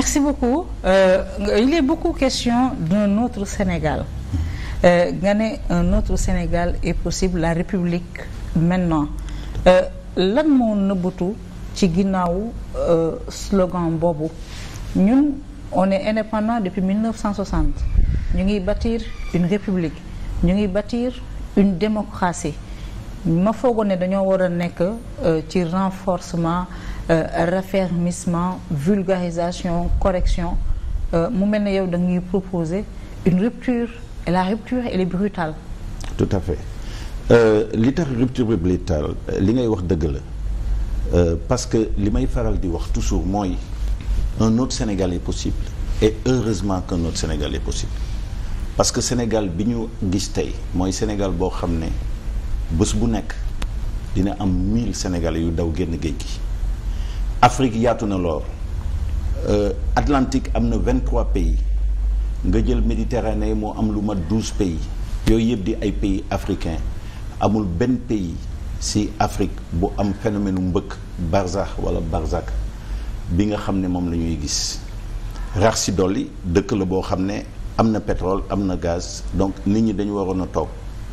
merci beaucoup euh, il est beaucoup question d'un autre Sénégal nga euh, ne un autre Sénégal est possible la République maintenant euh, lan moo nëbbatu ci ginnaawu euh, slogan boobu ñun on est indépendant depuis 1960 ñu ngi bâtir une république ñu ngi bâtir une démocratie ma foogoon ne dañoo war a nekk euh, ci renforcement euh, raffermissement vulgarisation correction euh, mu mel ne yow da ngay proposer une rupture et la rupture elle est brutale. tout à fait li tax rupture bi brutale li ngay wax dëgg la parce que li may faral di wax toujours mooy un autre Sénégal est possible et heureusement qu'un autre Sénégal est possible parce que Sénégal bi ñu gis tey mooy Sénégal boo xam ne. bés bu nekk dina am mille sénégalais yu daw génn géej gi Afrique yaatu na lool euh, Atlantique am na vingt trois pays nga jël Méditerranée moo am lu mat douze pays yooyu yëpp di ay pays africain amul benn pays si Afrique bu am phénomène mbëkk barzax wala barzak bi nga xam ne moom la ñuy gis rax si dolli dëkk la boo xam ne am na pétrole am na gaz donc nit ñi dañu waroon a toog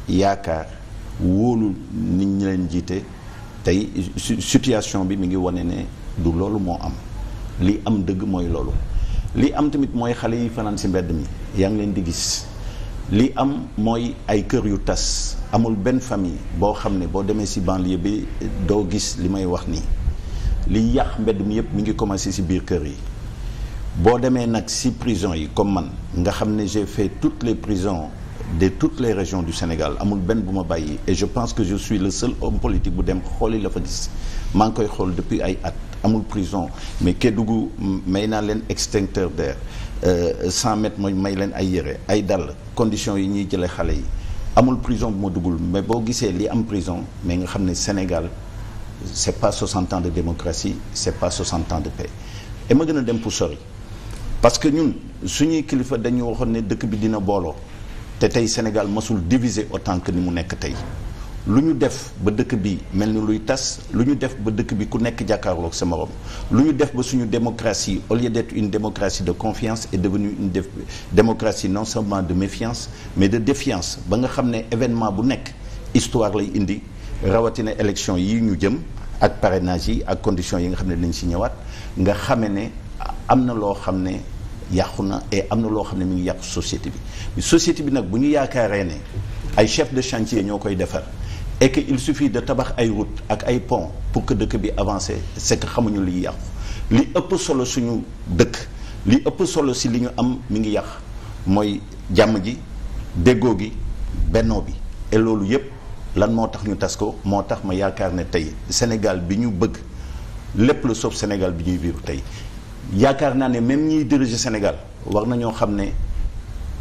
yaakaar. wóolu nit ñi leen jiite tey situation bi mi ngi wane ne du loolu moo am li am dëgg mooy loolu li am tamit mooy xale yi fanaan si mbedd mi yaa ngi leen di gis li am mooy ay kër yu tas amul benn famille boo xam ne boo demee si banlieue bi doo gis li may wax nii li yàq mbedd mi yëpp mu ngi commencé si biir kër yi boo demee nag si prison yi comme man nga xam ne j'ai fait toutes les prisons de toutes les régions du Sénégal amul benn bu ma bàyyi et je pense que je suis le seul homme politique bu dem xooli la fa gis maa ngi koy xool depuis ay at amul prison mais Kédougou may naa leen extincteur d'air euh, cent mètres mooy may leen ay yére ay dàll conditions yi ñuy jëlee xale yi amul prison bu ma duggul mais boo gisee li am prison mais nga xam ne Sénégal c'est pas 60 ans de démocratie c'est pas 60 ans de paix et ma gën a dem pour sori parce que ñun suñuy kilifa dañu waxoon ne dëkk bi dina booloo te tey Sénégal mosul diviser autant que ni mu nekk tey lu ñu def ba dëkk bi mel ni luy tas lu ñu def ba dëkk bi ku nekk jàkkaarlook sa morom lu ñu def ba suñu démocratie au lieu d'être une démocratie de confiance est devenue une démocratie non seulement de méfiance mais de défiance ba nga xam ne événement bu nekk histoire lay indi rawatina élection yi ñu jëm ak parrainage yi ak conditions yi nga xam ne dinañ ci ñëwaat nga xam ne am na loo xam ne yàqu na am na loo xam ne mu ngi yàqu société bi mais société bi nag bu ñu yaakaaree ne ay chef de chantier ñoo koy defar et que il suffit de tabax ay route ak ay pont pour que dëkk bi avancer c'est xamuñu liy yàqu li ëpp solo suñu dëkk li ëpp solo si li ñu am mi ngi yàq mooy jàmm ji déggoo gi bennoo bi et loolu yépp lan moo tax ñu tas ko moo tax ma yaakaar ne tey Sénégal bi ñu bëgg lépp la soof Sénégal bi ñuy vivre tey yaakaar naa ne même ñiy diriger Sénégal war na ñoo xam ne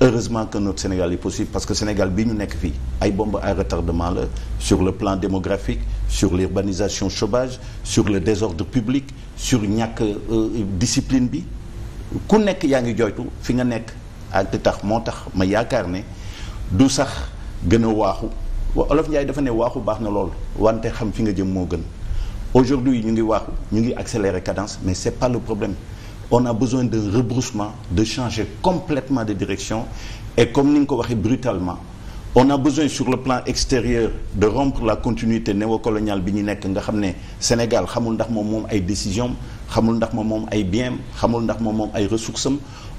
heureusement que notre Sénégal yi possible parce que Sénégal bi ñu nekk fii ay bombe à retardement la sur le plan démographique sur l'urbanisation chômage sur le désordre public sur ñàkk euh, discipline bi ku nekk yaa ngi jooytu fi nga nekk ak tax moo tax ma yaakaar ne du sax gën a waaxu Olof Ndiaye dafa ne waaxu baax na loolu wante xam fi nga jëm moo gën aujourd'hui ñu ngi waaxu ñu ngi accélérer cadence mais c'est pas le problème on a besoin d'un rebroussement de changer complètement de direction et comme ni nga ko waxee brutalement on a besoin sur le plan extérieur de rompre la continuité néocoloniale bi ñu nekk nga xam ne Sénégal xamul ndax moom moom ay décisions xamul ndax moom moom ay biens xamul ndax moom moom ay ressources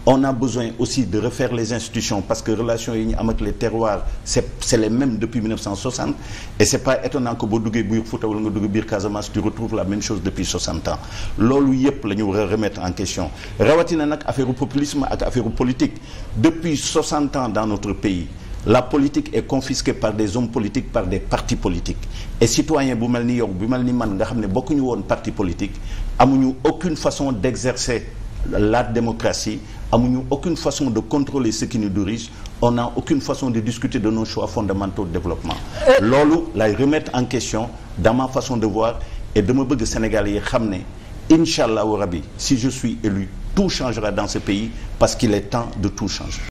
on a besoin aussi de refaire les institutions parce que relation yi ñu am ak les terroirs c'est c'est les mêmes depuis 1960 et c'est pas étonnant que boo duggee biir Fouta wala nga duggee biir Casamance tu retrouves la même chose depuis ans loolu yëpp la a remettre en question rawatina nag affaire populisme ak affaire politique depuis 60 ans dans notre pays la politique est confisquée par des hommes politiques par des partis politiques et citoyen bu mel ni yow bu mel ni man nga xam ne bokkuñu woon parti politique amuñu aucune façon d'exercer la démocratie amuñu aucune façon de contrôler ce qui nous dirige on n'a aucune façon de discuter de nos choix fondamentaux de développement loolu lay remettre en question dans ma façon de voir et dama bëgg Sénégalais yi xam ne incha allahu rabi si je suis élu tout changera dans ce pays parce qu'il est temps de tout changer